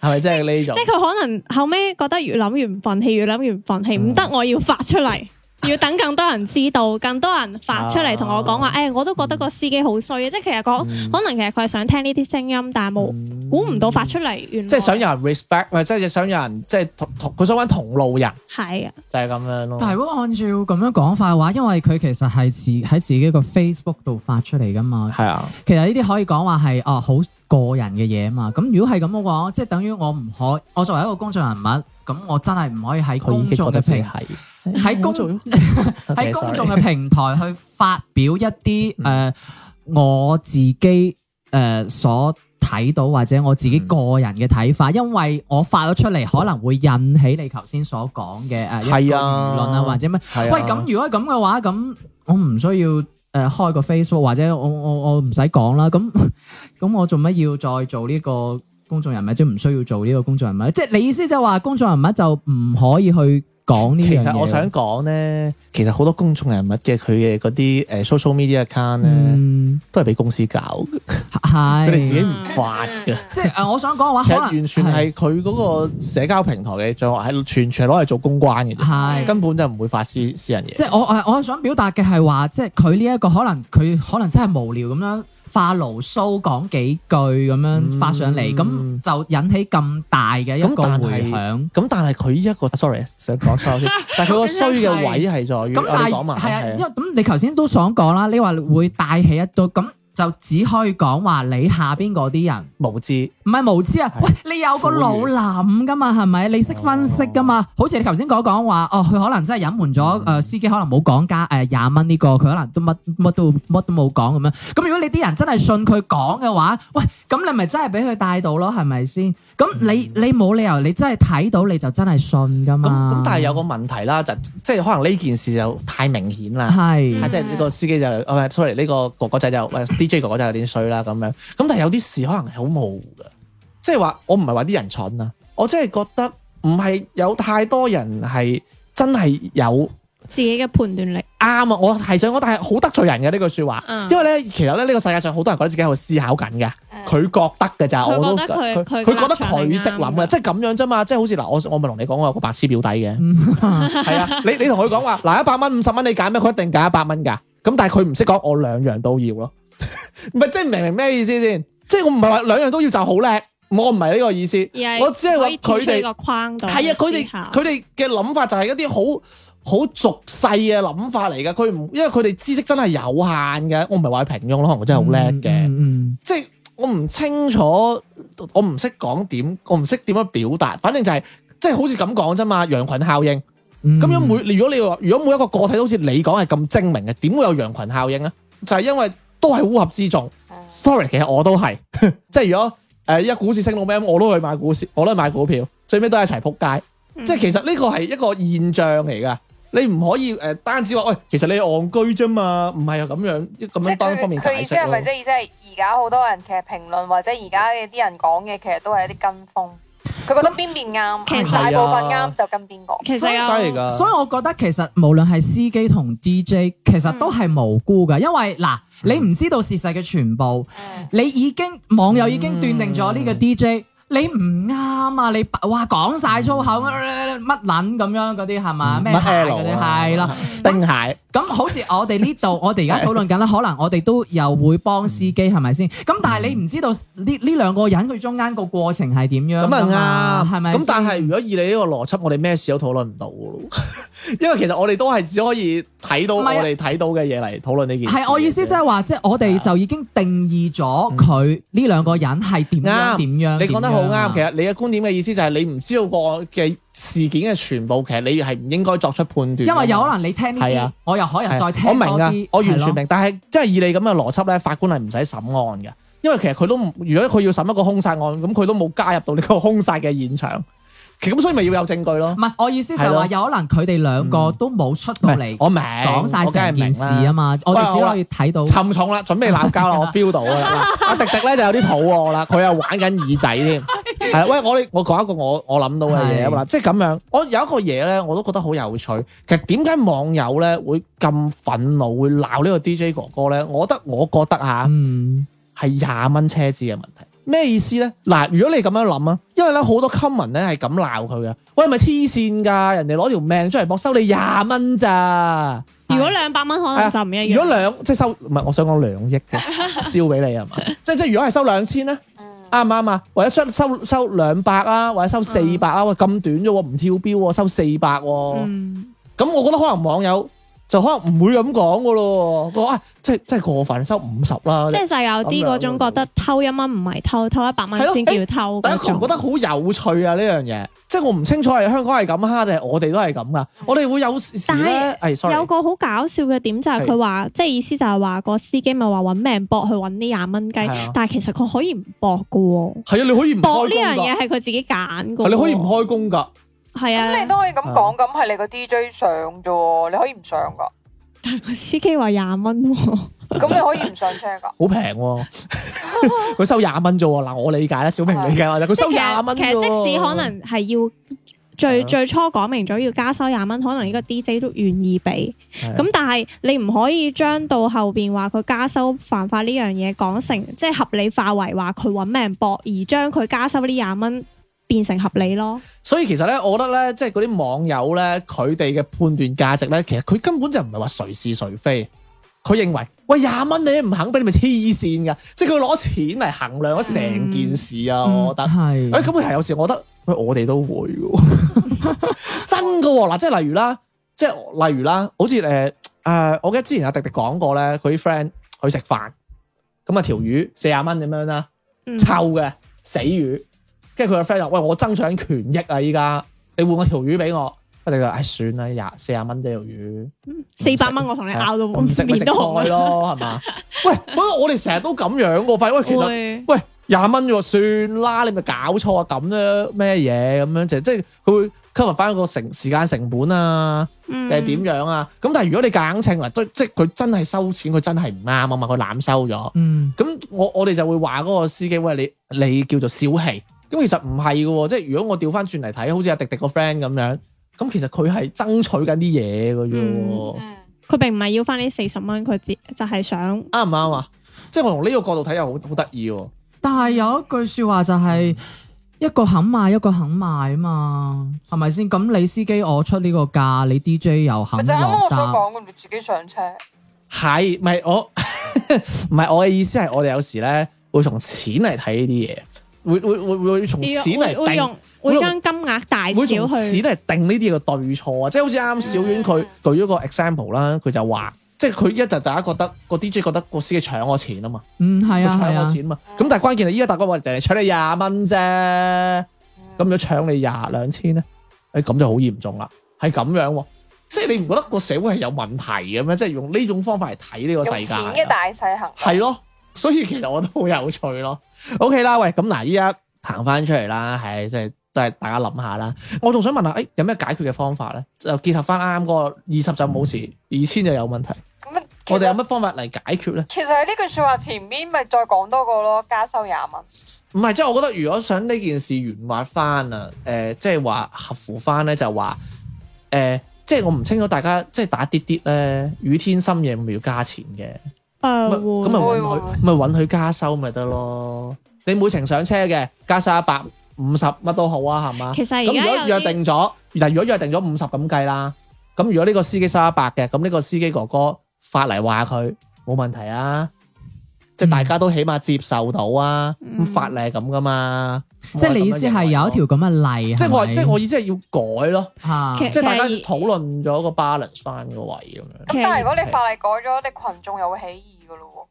係咪即係呢種？即係佢可能後尾覺得越諗越唔忿氣，越諗越唔忿氣，唔得我要發出嚟。 (laughs) (laughs) 要等更多人知道，更多人發出嚟同我講話，誒、啊哎，我都覺得個司機好衰即係其實講，可能其實佢係想聽呢啲聲音，但係冇估唔到發出嚟，即係想有人 respect，唔係即係想有人，即係同同佢想搵同路人，係啊，就係咁樣咯。但係如果按照咁樣講法嘅話，因為佢其實係自喺自己個 Facebook 度發出嚟噶嘛，係啊，其實呢啲可以講話係哦好個人嘅嘢啊嘛。咁如果係咁嘅話，即係等於我唔可，我作為一個公眾人物，咁我真係唔可以喺公眾嘅平台。喺在公喺 (laughs) 公眾嘅平台去發表一啲誒、嗯呃、我自己誒、呃、所睇到或者我自己個人嘅睇法，嗯、因為我發咗出嚟可能會引起你頭先所講嘅誒係啊，輿論啊，或者咩？喂，咁如果咁嘅話，咁我唔需要誒開個 Facebook 或者我我我唔使講啦。咁咁我做乜要再做呢個公眾人物即唔、就是、需要做呢個公眾人物？即、就、係、是、你意思就話公眾人物就唔可以去？講呢其實我想講咧，其實好多公眾人物嘅佢嘅嗰啲誒 social media account 咧，呢嗯、都係俾公司搞嘅，佢哋是自己唔發嘅，即係誒我想講嘅話，可能其實完全係佢嗰個社交平台嘅賬號係全全攞嚟做公關嘅，是根本就唔會發私私人嘢。即係我我我想表達嘅係話，即係佢呢一個可能佢可能真係無聊咁樣。發牢騷講幾句咁樣發上嚟，咁、嗯、就引起咁大嘅一個回響。咁但係佢呢一個，sorry，想講錯先。但係佢個衰嘅位係在於我哋講啊，係啊。因為、咁、啊、你頭先都想講啦，你話會帶起一個咁。就只可以講話你下邊嗰啲人無知，唔係無知啊！喂，你有個腦諗噶嘛，係咪？你識分析噶嘛？好似你頭先講講話，哦，佢可能真係隱瞞咗，誒，司機可能冇講價誒廿蚊呢個，佢可能都乜乜都乜都冇講咁樣。咁如果你啲人真係信佢講嘅話，喂，咁你咪真係俾佢帶到咯，係咪先？咁你你冇理由你真係睇到你就真係信噶嘛？咁但係有個問題啦，就即係可能呢件事就太明顯啦，係，即係呢個司機就 sorry 呢個哥哥仔就喂 J 哥真係有啲衰啦，咁樣咁，但係有啲事可能係好模糊㗎，即係話我唔係話啲人蠢啊，我真係覺得唔係有太多人係真係有自己嘅判斷力。啱啊，我係想講，但係好得罪人嘅呢句説話，因為咧，其實咧，呢、呢個世界上好多人覺得自己喺度思考緊嘅，佢、嗯、覺得嘅咋，我都佢覺得佢識諗啊，即係咁樣啫嘛，即係好似嗱，我我咪同你講，我有個白痴表弟嘅，係 (laughs) 啊，你你同佢講話嗱，一百蚊五十蚊你揀咩？佢一定揀一百蚊㗎，咁但係佢唔識講，我兩樣都要咯。唔係，即係明明咩意思先？即係我唔係話兩樣都要就好叻，我唔係呢個意思。思我只係話佢哋係啊，佢哋佢哋嘅諗法就係一啲好好俗世嘅諗法嚟㗎。佢唔因為佢哋知識真係有限嘅。我唔係話平庸咯，我真係好叻嘅。嗯，即係我唔清楚，我唔識講點，我唔識點樣表達。反正就係即係好似咁講啫嘛。羊群效應咁、嗯、樣每如果你話如果每一個個體好似你講係咁精明嘅，點會有羊群效應啊？就係、是、因為。都係烏合之眾、嗯、，sorry，其實我都係， (laughs) 即係如果誒，一、呃、股市升到咩，我都去買股市，我都去買股票，最尾都係一齊扑街，嗯、即係其實呢個係一個現象嚟噶，你唔可以誒、呃、單止話喂、哎，其實你戇居啫嘛，唔係又咁樣咁樣單方面解釋。佢意思係咪即係即係而家好多人其實評論或者而家嘅啲人講嘅，其實都係一啲跟風。佢覺得邊邊啱，其實大部分啱、啊、就跟邊個，其實係噶。所以，啊、所以我覺得其實無論係司機同 DJ，其實都係無辜嘅，嗯、因為嗱，你唔知道事實嘅全部，嗯、你已經網友已經斷定咗呢個 DJ、嗯。你唔啱啊！你哇講晒粗口乜捻咁樣嗰啲係嘛？咩鞋嗰啲係咯？丁蟹咁好似我哋呢度，我哋而家討論緊啦。可能我哋都又會幫司機係咪先？咁但係你唔知道呢，呢兩個人佢中間個過程係點樣？咁啊啱。係咪咁但係，如果以你呢個邏輯，我哋咩事都討論唔到咯。因為其實我哋都係只可以睇到我哋睇到嘅嘢嚟討論呢件事。係我意思即係話，即係我哋就已經定義咗佢呢兩個人係點樣點樣。你講得好好啱，其實你嘅觀點嘅意思就係你唔知道個嘅事件嘅全部，其實你係唔應該作出判斷。因為有可能你聽呢啲，啊、我又可能再聽、啊。我明啊，我完全明。啊、但係即係以你咁嘅邏輯咧，法官係唔使審案嘅，因為其實佢都如果佢要審一個兇殺案，咁佢都冇加入到呢個兇殺嘅現場。咁所以咪要有證據咯，唔係，我意思就係話有可能佢哋兩個都冇出到嚟。我明，講晒梗係明事啊嘛，我哋只可以睇到沉重啦，準備鬧交啦，我 feel 到啦，阿迪迪咧就有啲肚餓啦，佢又玩緊耳仔添，係啦，喂我我講一個我我諗到嘅嘢啊嘛，即係咁樣，我有一個嘢咧我都覺得好有趣，其實點解網友咧會咁憤怒，會鬧呢個 DJ 哥哥咧？我覺得我覺得吓，嗯，係廿蚊車子嘅問題。咩意思咧？嗱，如果你咁樣諗啊，因為咧好多 comment 咧係咁鬧佢嘅，喂，係咪黐線㗎！人哋攞條命出嚟搏收你廿蚊咋？如果兩百蚊可能就唔一樣。如果兩即係收唔係，我想講兩億嘅燒俾你係嘛？即係即係，如果係收兩千咧啱唔啱啊？或者收收收兩百啊？或者收四百啊？喂、啊，咁短啫喎，唔跳標喎，收四百喎。咁我覺得可能網友。就可能唔會咁講噶咯，我誒、哎、真係真係過分，收五十啦。即係就係有啲嗰種覺得偷一蚊唔係偷，偷一百蚊先叫偷。我覺得好有趣啊呢樣嘢，即係我唔清楚係香港係咁啊，定係我哋都係咁噶？嗯、我哋會有時咧誒是、哎、sorry、有個好搞笑嘅點、就係，就係佢話，即係意思就係話個司機咪話揾命搏去揾呢廿蚊雞，啊、但係其實佢可以唔搏噶喎。係啊，你可以唔搏呢樣嘢係佢自己揀㗎。你可以唔開工㗎。係啊，咁你都可以咁講，咁係、啊、你個 D J 上啫，你可以唔上噶。但係個司機話廿蚊，咁 (laughs) 你可以唔上車噶，好平、啊。佢 (laughs) (laughs) 收廿蚊啫，嗱我理解啦，小明理解啦，佢、啊、收廿蚊。其實即使可能係要最、啊、最初講明咗要加收廿蚊，可能呢個 D J 都願意俾。咁、啊、但係你唔可以將到後邊話佢加收犯法呢樣嘢講成，即係合理化為話佢搵命搏，而將佢加收呢廿蚊。變成合理咯，所以其實咧，我覺得咧，即係嗰啲網友咧，佢哋嘅判斷價值咧，其實佢根本就唔係話誰是誰非，佢認為，喂，廿蚊你唔肯俾，你咪黐線噶，即係佢攞錢嚟衡量咗成件事啊！我覺得係，誒咁問題，有時我覺得喂，我哋都會嘅， (laughs) 真噶嗱、哦，即係例如啦，即係例如啦，好似誒誒，我記得之前阿迪迪講過咧，佢啲 friend 去食飯，咁啊條魚四十蚊咁樣啦，嗯、臭嘅死魚。跟住佢個 friend 話：喂，我爭取權益啊！依家你換個條魚俾我，佢哋話：唉、哎，算啦，廿四廿蚊一條魚，四百蚊我同你拗到、哎。面 吃」我唔食咪食得菜咯，係嘛？ (laughs) 喂，我哋成日都咁樣個、啊、費，喂，其實，的喂，廿蚊喎，算啦，你咪搞錯啊，咁樣咩嘢咁樣就即係佢會 cover 翻一個成時間成本啊，定係點樣啊？咁、嗯、但係如果你硬稱嗱，即即係佢真係收錢，佢真係唔啱啊嘛，佢濫收咗，咁、嗯、我我哋就會話嗰個司機，喂，你你叫做小氣。咁其實唔係嘅，即係如果我調翻轉嚟睇，好似阿迪迪個 friend 咁樣，咁其實佢係爭取緊啲嘢嘅啫。佢、嗯嗯、並唔係要翻呢四十蚊，佢就係想啱唔啱啊？即係我從呢個角度睇又好好得意。但係有一句說話就係一個肯買一個肯賣啊嘛，係咪先？咁你司機我出呢個價，你 DJ 又肯又得。就啱啱我想講嘅，你自己上車係咪？我唔係 (laughs) 唔係我嘅意思係我哋有時咧會從錢嚟睇呢啲嘢。會會會會會從錢嚟定，會將金額大小去錢嚟定呢啲嘅對錯、 (noise) 嗯、啊！即係好似啱小婉佢舉咗個 example 啦，佢就話，即係佢一就大家覺得個 DJ 覺得個司機搶我錢啊嘛，嗯係啊，搶我錢啊嘛，咁、嗯、但係關鍵係依家大家話淨係搶你廿蚊啫，咁樣搶你廿兩千咧，誒咁就好嚴重啦，係咁樣，即係你唔覺得個社會係有問題嘅咩？即係用呢種方法嚟睇呢個世界嘅大細行，係咯，所以其實我覺得好有趣咯。OK 啦，喂，咁嗱，依家行翻出嚟啦，係即係都係大家諗下啦。我仲想問下，誒、欸，有咩解決嘅方法咧？就結合翻啱啱嗰二十就冇事，二千、嗯、就有問題。咁啊，我哋有乜方法嚟解決咧？其實喺呢句說話前面，咪再講多個咯，加收廿蚊。唔係，即係我覺得如果想呢件事圓滑翻啊，誒，即係話合符翻咧，就話、是、誒，即、就、係、是呃就是、我唔清楚大家即係、就是、打啲啲咧，雨天深夜會唔會要加錢嘅？誒，咁咪允許，咪允許加收咪得咯。你每程上車嘅加收一百五十，乜都好啊，係嘛？其實而家約定咗，嗱，如果約定咗五十咁計啦，咁點如果呢個司機收一百嘅，咁呢個司機哥哥發嚟話佢冇問題啊。即係大家都起碼接受到啊！咁法例係咁噶嘛？即係你意思係有一條咁嘅例？即係我即係我意思係要改咯，即係大家要討論咗個 balance 翻個位咁樣。咁但係如果你法例改咗，你群眾又會起義噶咯？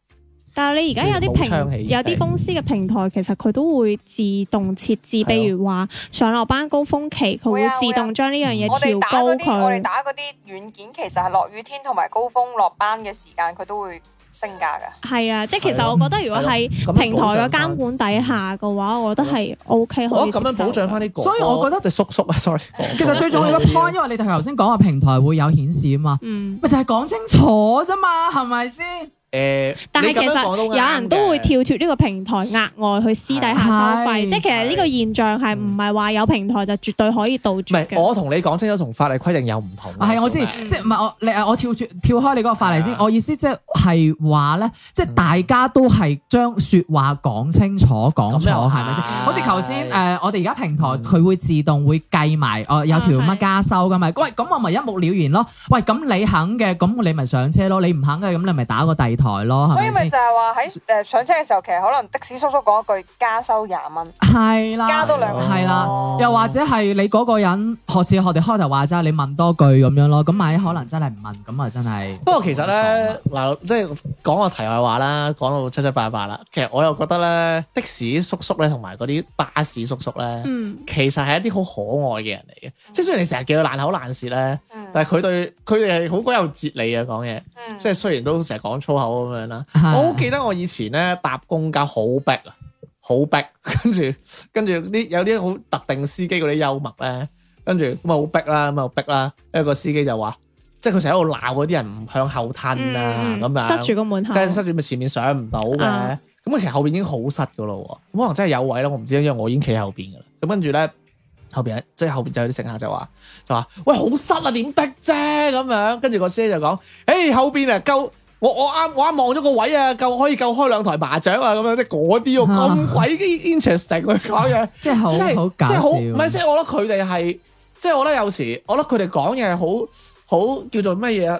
但係你而家有啲平有啲公司嘅平台，其實佢都會自動設置，比如話上落班高峰期，佢會自動將呢樣嘢調高佢。打嗰啲軟件，其實係落雨天同埋高峰落班嘅時間，佢都會。性價嘅係啊，即係其實我覺得如果係平台嘅監管底下嘅話，我覺得係 OK 可以。咁樣保障翻呢個，所以我覺得就叔叔啊，sorry。 (laughs) 其實最重要嘅 point，因為你頭先講話平台會有顯示啊嘛，咪就係講清楚啫嘛，係咪先？誒，但係其實有人都會跳脱呢個平台額外去私底下收費，即係其實呢個現象係唔係話有平台就絕對可以杜絕。我同你講清楚，同法例規定有唔同。係我知，即係唔係我你我跳脱跳開你嗰個法例先。我意思即係係話咧，即係大家都係將說話講清楚講清楚，係咪先？好似頭先誒，我哋而家平台佢會自動會計埋哦有條乜加收噶嘛？喂，咁我咪一目了然咯。喂，咁你肯嘅，咁你咪上車咯。你唔肯嘅，咁你咪打個第二。台咯，所以咪就係話喺誒上車嘅時候，其實可能的士叔叔講一句加收廿蚊，係啦，加多兩蚊，係啦，又或者係你嗰個人學似學哋開頭話齋，你問多句咁樣咯，咁萬一可能真係唔問，咁啊真係。不過其實咧，嗱，即係講個題外話啦，講到七七八八啦，其實我又覺得咧，的士叔叔咧同埋嗰啲巴士叔叔咧，其實係一啲好可愛嘅人嚟嘅，即係雖然你成日叫佢爛口爛舌咧，但係佢對佢哋係好鬼有哲理呀講嘢，即係雖然都成日講粗口。咁樣啦，我好記得我以前咧搭公交好逼啊，好逼，跟住跟住啲有啲好特定司機嗰啲幽默咧，跟住咁啊好逼啦，咁啊好逼啦，一個司機就話，即係佢成日喺度鬧嗰啲人唔向後褪啊咁、嗯、樣，塞住個門口，跟住塞住咪前面上唔到嘅，咁啊、嗯、其實後邊已經好塞噶啦，咁可能真係有位啦，我唔知，因為我已經企喺後邊噶啦，咁跟住咧後邊即係後邊就有啲乘客就話就話喂好塞啊，點逼啫咁樣，跟住個司機就講，誒、hey, 後邊啊夠。我我啱我啱望咗個位啊，夠可以夠開兩台麻雀啊。咁樣 (laughs) 即係嗰啲哦，咁鬼嘅 interesting 啊，講嘢好是，即係即係即係好，唔係即係我覺得佢哋係即係我覺得有時我覺得佢哋講嘢係好好叫做乜嘢？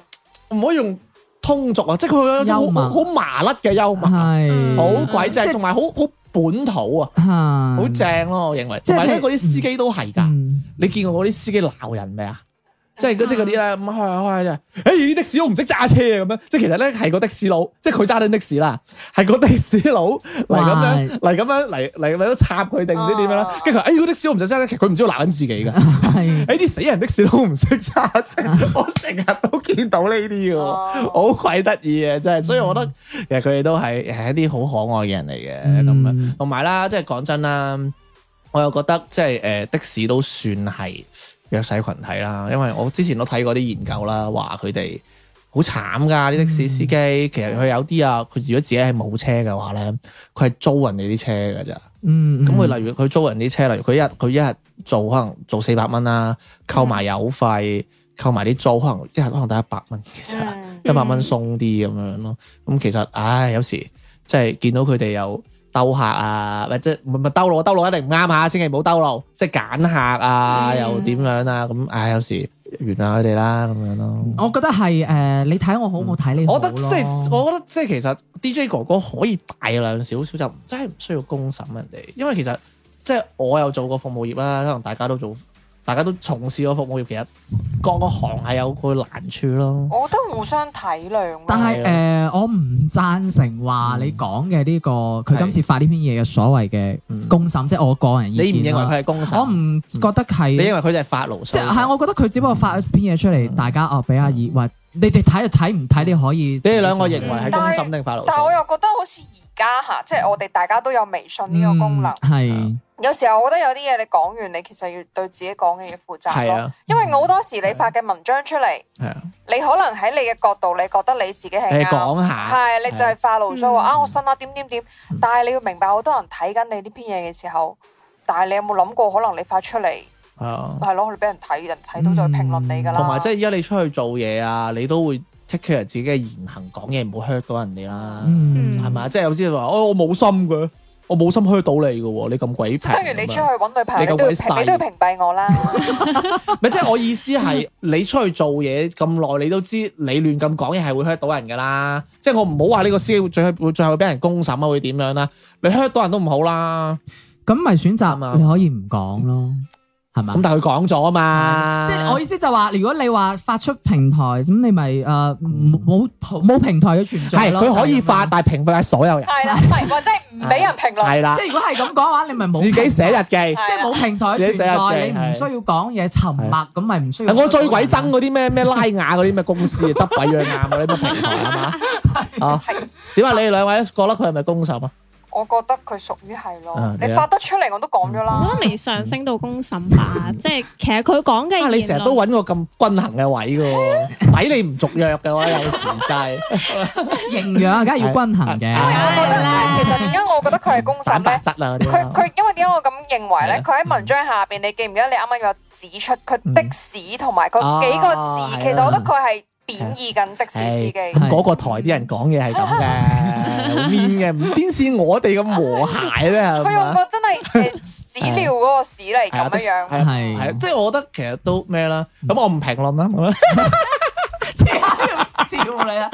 唔可以用通俗啊，即係佢有好好麻甩嘅幽默，係好鬼正，同埋好好本土 (laughs) 啊，好正咯，我認為，同埋咧嗰啲司機都係噶， (laughs) 你見過嗰啲司機鬧人未啊？即係嗰即係嗰啲咧，開開嘅，哎，啲的士佬唔識揸車啊咁樣。即係其實咧，係個的士佬，即係佢揸緊的士啦，係個的士佬嚟咁樣嚟咁樣嚟嚟，為咗插佢定唔知點樣啦。跟住，哎，嗰的士佬唔識揸車，其實佢唔知道鬧緊自己嘅。哎，啲死人的士佬唔識揸車，我成日都見到呢啲嘅，好鬼得意呀，真係。所以我覺得其實佢哋都係係一啲好可愛嘅人嚟嘅咁樣，同埋啦，即係講真啦，我又覺得即係誒的士都算係。弱勢群體啦，因為我之前都睇過啲研究啦，話佢哋好慘噶啲的士司機。嗯、其實佢有啲啊，佢如果自己係冇車嘅話咧，佢係租人哋啲車噶咋。嗯，咁佢例如佢租人啲車，例如佢一日佢一日做可能做四百蚊啦，扣埋油費，扣埋啲租，可能一日可能得一百蚊其實，一百蚊鬆啲咁樣咯。咁其實唉，有時即係見到佢哋又。兜客啊，或者唔係兜路，兜路一定唔啱吓，千祈唔好兜路，即係揀客啊，的又點樣啊？咁、啊、唉，有時原諒佢哋啦，咁樣咯。我覺得係誒，你睇我好唔好睇你？我覺得即係，我覺得即係，其實 DJ 哥哥可以大量少少就真係唔需要公審人哋，因為其實即係、就是、我有做過服務業啦，可能大家都做。大家都從事個服務業，其實各個行業係有個難處咯。我覺得互相體諒。但係是誒、呃，我唔贊成話你講嘅呢個，佢、嗯、今次發呢篇嘢嘅所謂嘅公審，嗯、即係我個人意見。你唔認為佢係公審？我唔覺得係、嗯。你認為佢就係發牢騷？即係我覺得佢只不過發一篇嘢出嚟，嗯、大家哦，俾阿二話，你哋睇就睇，唔睇你可以。你哋兩個認為係公審定發牢騷、嗯？但係我又覺得好似而家吓，即係我哋大家都有微信呢個功能。係、嗯。有時候我覺得有啲嘢你講完你，你其實要對自己講嘅嘢負責咯。啊、因為好多時你發嘅文章出嚟， (music) 你可能喺你嘅角度你覺得你自己係啱，係你就係發牢騷話啊我信啊點點點。但係你要明白，好多人睇緊你呢篇嘢嘅時候，但係你有冇諗過可能你發出嚟係係咯，佢俾、嗯、人睇，人睇到就會評論你㗎啦。同埋即係而家你出去做嘢啊，你都會 take care 自己嘅言行講嘢，唔好 hurt 到人哋啦。係咪啊？即係、就是、有啲話哦，我冇心嘅。我冇心 hurt 到你噶，你咁鬼平。不如你出去揾女朋友，你都你都要屏，都屏蔽我啦。咪 (laughs) (laughs) 即係我意思係，你出去做嘢咁耐，你都知你亂咁講嘢係會 hurt 到人噶啦。即係我唔好話呢個司機會最會最後俾人公審啊，會點樣啦？你 hurt 到人都唔好啦，咁咪、嗯、選擇嘛，你可以唔講咯。係嘛？咁但係佢講咗啊嘛，即係我意思就話，如果你話發出平台，咁你咪誒冇冇平台嘅存在，係佢可以發，但係屏蔽晒所有人，係啦，或者唔俾人評論，係啦。即係如果係咁講嘅話，你咪冇自己寫日記，即係冇平台存在，你唔需要講嘢，沉默咁咪唔需要。我最鬼憎嗰啲咩咩拉雅嗰啲咩公司執鬼樣啊嗰啲都平台啊嘛，啊點啊？你哋兩位覺得佢係咪公審啊？我覺得佢屬於係咯，你發得出嚟我都講咗啦。我都未上升到公審下，即係其實佢講嘅。啊，你成日都揾個咁均衡嘅位嘅喎，俾你唔續約嘅話，有時真係營養啊，梗係要均衡嘅。其實點解我覺得佢係公審質啊，佢佢因為點解我咁認為咧？佢喺文章下邊，你記唔記得你啱啱有指出佢的士同埋佢幾個字？其實我覺得佢係。貶義緊的士司機，咁嗰個台啲人講嘢係咁嘅，好 mean 嘅，唔邊似我哋咁和諧咧，係咪啊？佢用個真係屎尿嗰個屎嚟咁樣樣，係啊，即係我覺得其實都咩啦，咁我唔評論啦。笑你啊！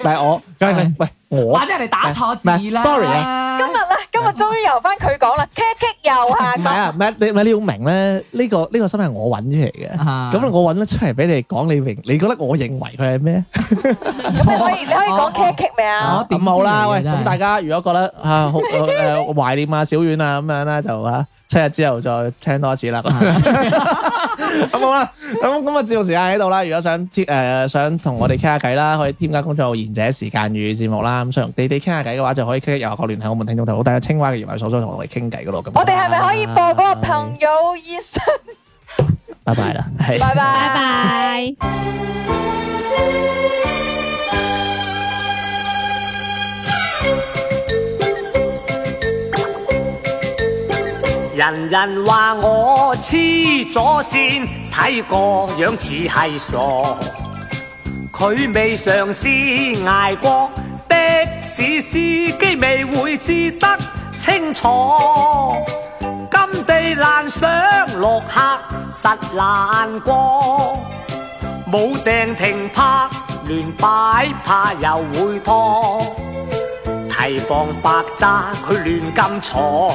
但係 (laughs) 我，梗係喂我。或者你打錯字啦。Sorry 啊。今日咧，今日終於由翻佢講啦。kick kick 又係。係啊，唔係你唔係你好明咧？呢個呢個新聞我搵出嚟嘅。咁我搵得出嚟俾你講，你明？你覺得我認為佢係咩？你可以講 kick kick 未啊？咁好啦，喂、哦，咁大家如果覺得啊，懷念啊，小婉啊咁樣咧，就啊，七日之後再聽多一次啦。識呵呵呵咁好啦，咁咁啊，節、嗯、目、嗯、時間喺度啦。如果想誒、呃、想同我哋傾下偈啦，可以添加公眾號“賢者時間與節目啦。咁想同你哋傾下偈嘅話，就可以又可聯繫我們聽眾頭好大家青蛙嘅葉埋所爽同我哋傾偈噶咯。咁我哋係咪可以播嗰個朋友熱線？拜拜啦，係 (laughs) (laughs) (laughs) 拜拜拜拜。人人話我黐咗線，睇個樣似係傻。佢未嘗試捱過的士司機，未會知得清楚。金地難上落客，實難過。冇定停泊，亂擺怕又會拖。提防白渣。佢亂咁坐。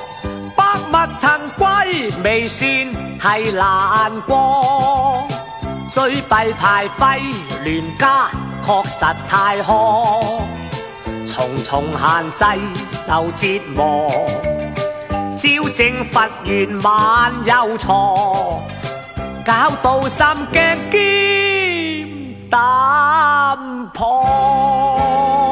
勿曾歸未算係難過，最弊牌費亂加確實太苛。重重限制受折磨，朝正佛願萬有錯，搞到心驚兼膽破。